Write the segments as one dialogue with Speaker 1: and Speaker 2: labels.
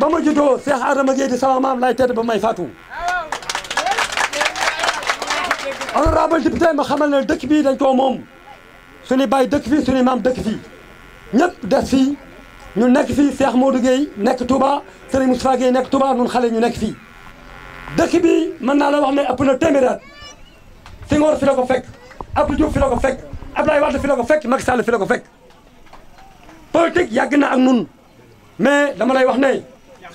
Speaker 1: بمجدو سيح عرم جيد سوامام لايتاد بميساتو انا رابل دبتاي مخامل الدكبي لانتو موم سوني باي دكفي سوني مام دكفي نب دسي نو نكفي سيح مودو جي نكتوبا سري مصفا جي نكتوبا نون خالي نو نكفي دكبي من نالا وحمي أبونا تيميرات سيغور فيلوغو فك أبو جو فيلوغو فك أبلاي واد فيلوغو فك مكسال فيلوغو فك politique yagna ak nun mais dama lay wax ne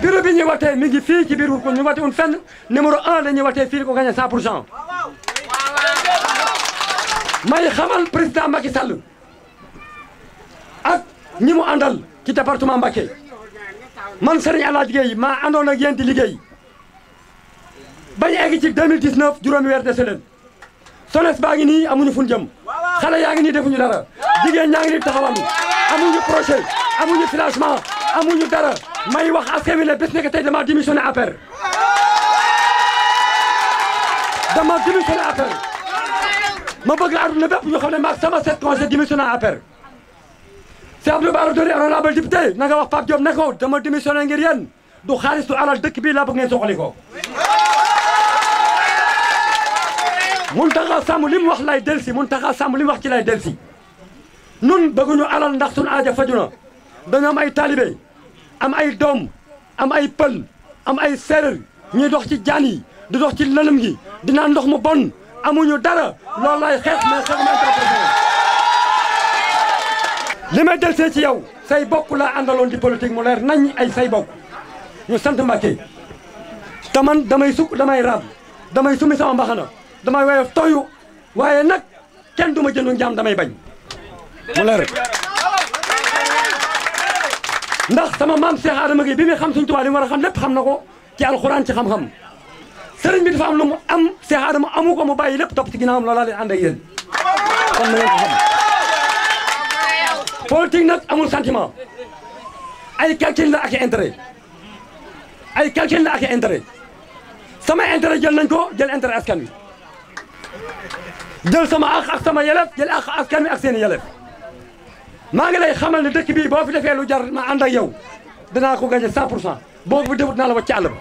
Speaker 1: te bureau bi ñi watee mi ngi fii ci biir Wourkougne ñu wate un fenn numéro un la ñuy watee fii ko gagné 100 pour cent may xamal président Macky Sall ak ñi mu àndal ci département Mbacké man Serigne Alhaji Gueye maa àndoon ak yéen liggéey bañ egg ci 2019 juróomi weer dese leen sones baa ngi nii amuñu fun jëm xale yaa ngi nii defuñu dara jigéen ñaa ngi nii taxawalu amuñu projet amuñu financement amuñu dara may wax askan wi ne bés nekk tay dama démissioné affaire dama démissioné affaire ma bëgg aduna bépp ñu xamné ma sama set conseil démissioné affaire si Abdou barou dori honorable député na nga wax pap Diop ne ko dama démissioné ngir yéen du xaalis du alal dëkk bi la bëgg ngeen soxali ko mun taxa sàmm li mu wax lay delsi mun taxa sàmm li mu wax ci lay delsi nun bëgguñu alal ndax suñu aaja faju na dañoo am ay am ay doom am ay pël am ay séeréer ñuy dox ci jaan yi di dox ci lëlëm gi di ndox mu bon amuñu dara loolu lay xeex mais xeex ma li may delsee ci yow say bokk laa àndaloon di politique mu leer nañ ay say bokk ñu sant Mbàkke te man damay sukk damay raab damay sumi sama mbaxana damay woyof tooyu waaye nag kenn du ma jëndu njaam damay bañ mu ndax sama maam Cheikh Adama Gueye bi muy xam Sëriñ Tuubaa li mu war a xam lépp xam na ko ci alxuraan ci xam-xam sëriñ bi dafa am lu mu am Cheikh Adama amu ko mu bàyyi lépp topp ci ginnaawam loolaa leen ànd ak yéen kon na ngeen ko xam politique nag amul sentiment ay calcul la ak intérêt ay calcul la ak intérêt sama intérêt jël nañ ko jël intérêt askan wi jël sama ak ak sama yelef jël ak askan wi ak seen i yelef maa ngi lay xamal ne dëkk bii boo fi defee lu jar ma ànd ak yow danaa ko gagné 100 pour cent boo ko defut naa la wàcc àll ba.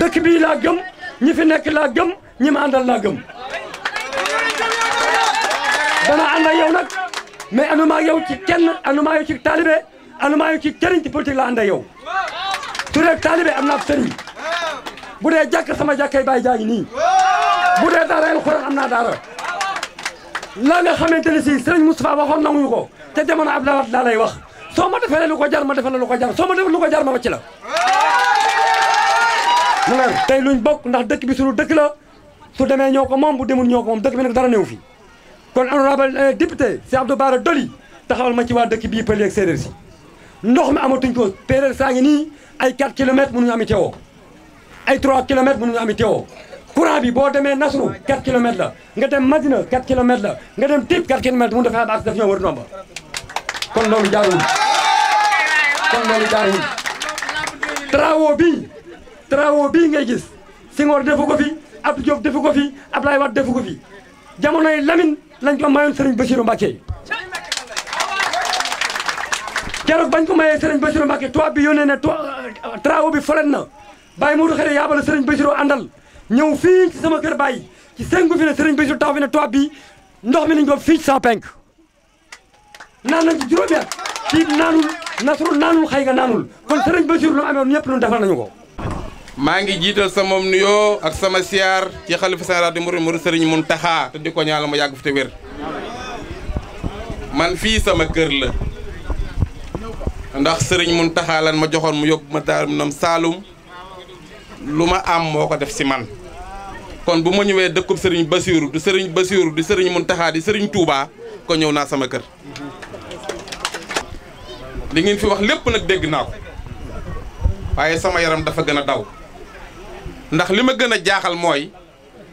Speaker 1: dëkk bii laa gëm ñi fi nekk laa gëm ñi ma àndal laa gëm. dana ànd ak yow nag mais anuma ak yow ci kenn anuma yow ci taalibe anuma yow ci këriñ ci politique la ànd ak yow. su dee taalibe am naa ab bu dee jàkk sama jàkkay baay jaa nii. bu dee daara alxuraan am naa daara la nga xamante ne si sëriñ Moustapha waxoon nanguñu ko te jamono Abdoulaye Wade laa lay wax soo ma defee lu ko jar ma defee lu ko jar soo ma defee lu ko jar ma wàcc la. mu leer tey luñ bokk ndax dëkk bi suñu dëkk la su demee ñoo ko moom bu demul ñoo ko moom dëkk bi nag dara néew fi kon honorable euh, député si Abdou Bara Dolly taxawal ma ci waa dëkk bii pël ak séeréer si ndox mi amatuñ ko séeréer saa ngi nii ay 4 kilomètres mënuñu am i teewoo ay 3 kilomètres mënuñu am i teewoo courant bi boo demee Nasru 4 km. la nga dem Madina 4 km. la nga dem Tip 4 km mu defa bax daf ñu wër nomba kon lolu jaru. kon lolu jaru. Trawo bi. Trawo bi ngay gis Singor defu ko fi Abdou Diop defu ko fi Abdoulaye Wade defu ko fi Jamono Lamine lañ ko mayon Serigne Bassirou Mbacké keroog bañ ko mayee Serigne Bassirou Mbacké toit bi yónnee to trawo bi folet na bàyyi Modou Xare yabal Serigne Bassirou andal. ñëw fii ci sama kër bàyyi ci sengu fi ne sëriñ Bassirou taw fi ne toit bi ndox mi nañ ko fii ci sama penk naan nañ ci juróomi ci naanul nasru naanul xëy nga naanul kon sëriñ Bassirou lu amoon ñëpp ñun defal nañu ko
Speaker 2: maa ngi jiital sama nuyoo ak sama siyaar ci xalifa général di murid murid sëriñ Mountakha te di ko ñaanal mu yàgg fi te wér man fii sama kër la ndax sëriñ Mountakha lan ma joxoon mu yóbbu ma daaru nam Saalum lu ma am moo ko def si man kon bu ma ñëwee dëkkub sëriñ Basiiru di sëriñ Basiiru di sëriñ Muntaxa di sëriñ Touba ko ñëw naa sama kër li ngeen fi wax lépp nag dégg naa ko waaye sama yaram dafa gën a daw ndax li ma gën a jaaxal mooy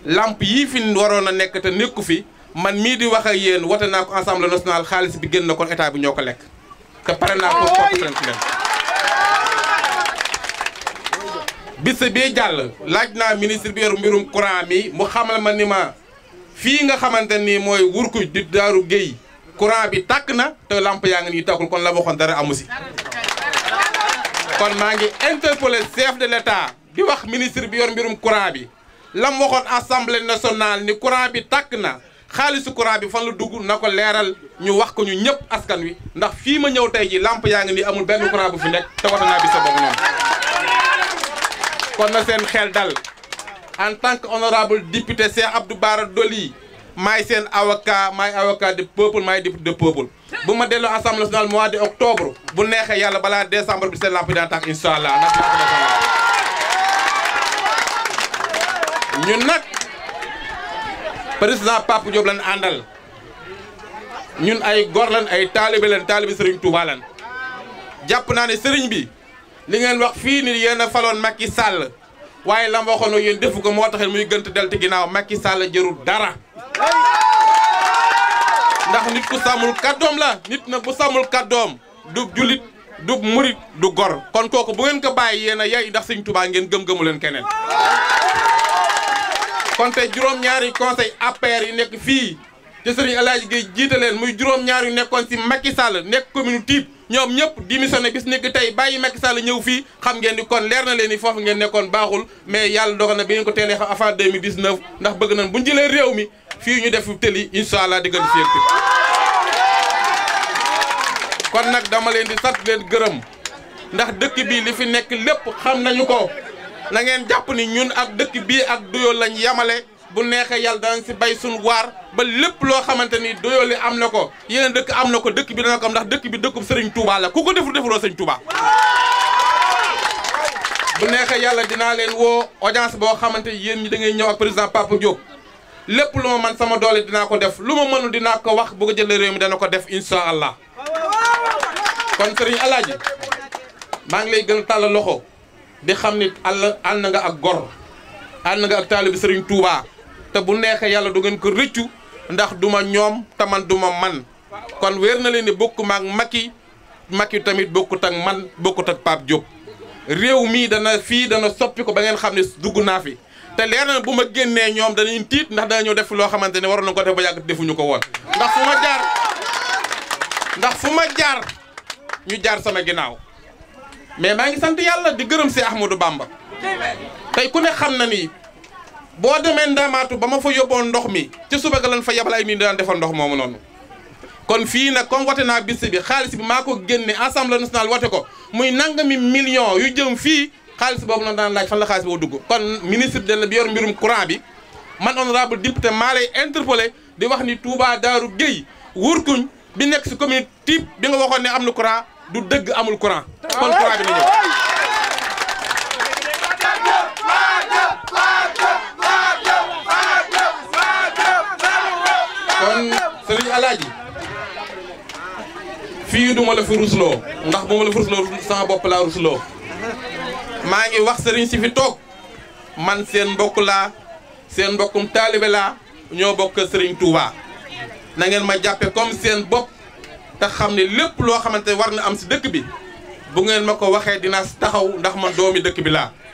Speaker 2: làmp yii fi waroon a nekk te nekku fi man mii di wax ak yéen wote naa ko Assemblée nationale xaalis bi génn na kon état bi ñoo ko lekk te pare naa ko leen bis bii jàll laaj naa ministre bi yor mbirum courant mi mu xamal ma ni ma fii nga xamante ni mooy wurku di daaru géy courant bi tàkk na te lamp yaa ngi nii tàkkul kon la waxoon dara amu si kon maa ngi interpellé chef de l'État di wax ministre bi yor mbirum courant bi lam waxoon assemblée nationale ni courant bi tàkk na xaalisu courant bi fan la dugg na ko leeral ñu wax ko ñu ñëpp askan wi ndax fii ma ñëw tey ji lamp yaa ngi nii amul benn courant bu fi nekk te war bi sa kon na seen xel dal en tant que honorable député Cheikh Abdou Bara Dolly seen avocat maay avocat de peuple maay député bu ma dellu assemblée nationale mois de octobre bu neexee yàlla balaa décembre bi seen làmp dina ñun nag président Pape Diop lañ àndal ñun ay gor lañ ay taalibe lañ taalibe Serigne jàpp naa ne sëriñ bi. li ngeen wax fii ni yéen faloon Macky Sall waaye lam waxoon ak yéen defu ko moo tax muy gënt del ci ginnaaw Macky Sall jërul dara ndax nit ku sàmmul kàddoom la nit na bu sàmmul kàddoom du julit du murit du gor kon kooku bu ngeen ko bàyyi yéen a yey ndax Sëñ Tuubaa ngeen gëm-gëmu leen keneen kon tey juróom-ñaari conseil APR yi nekk fii te Sëriñ Alaaji Gay leen muy juróom-ñaar nekkoon si Macky Sall nekk commune Typ ñom ñep démissionné bis nek tay bayyi Macky Sall ñew fi xam ngeen ni kon leer na leen ni fofu ngeen nekkon baaxul mais yalla dogal na bi ngeen ko télé xam avant 2019 ndax bëgg nañ bu jëlé réew mi fi ñu def tëli inshallah allah di gën kon nak dama leen di sat leen gërëm ndax dëkk bi li fi nekk lepp xam nañu ko na ngeen japp ni ñun ak dëkk bi ak duyo lañ yamale bu neexee yàlla danañ si bay suñ waar ba lépp loo xamante ni doyooli am na ko yeneen dëkk am na ko dëkk bi dana ko am ndax dëkk bi dëkkub sëriñ Touba la ku ko deful defuloo Serigne Touba. bu neexee yàlla dinaa leen woo audience boo xamante ni yéen ñi ñëw a président Papa Diop lépp lu ma man sama doole dinaa ko def lu ma mënul dinaa ko wax bu ko jëlee réew mi dana ko def incha allah kon Serigne alaaj maa ngi lay gën a loxo di xam ni àll ànd nga ak gor ànd nga ak taalibi Serigne Touba. te bu neexee yàlla du ngeen ko rëccu ndax duma ñoom te man duma man kon wér na leen ni bokkuma ak Macky Macky tamit bokku tak man bokku tak pap Diop réew mi dana fii dana soppi ko ba ngeen xam ne dugg fi te leer na bu ma génnee ñoom danañ tiit ndax dañu def loo xamante ne waroon na ko def ba yàgg defuñu ko woon ndax fu ma jaar ndax fu ma jaar ñu jaar sama ginnaaw mais maa ngi sant yàlla di gërëm si Ahmadou Bamba tey ku ne xam na ni boo demee ndaamaatu ba ma fa yóbboon ndox mi ci suba ga lan fa yabal ay nit daan defal ndox moomu noonu kon fii nag comme wate naa bis bi xaalis bi maa ko génne assemblée nationale wate ko muy nangami million yu jëm fii xaalis boobu noonu daan laaj fan la xaalis boobu dugg kon ministre de la bi yor mbirum courant bi man honorable député maa lay interpellé di wax ni Touba Daaru Gueye wurkuñ bi nekk si commune type bi nga waxoon ne am na courant du dëgg amul courant kon courant kon Serigne Alaaji fii du ma la fi ndax bu ma la fi rusloo maa ngi wax sëriñ si fi toog man seen mbokk laa seen mbokkum taalibe laa ñoo bokk sëriñ Touba na ngeen ma jàppe comme seen bopp te xam ne lépp loo xamante war na am si dëkk bi bu ngeen ma ko waxee dinaa taxaw ndax ma doomi dëkk bi laa.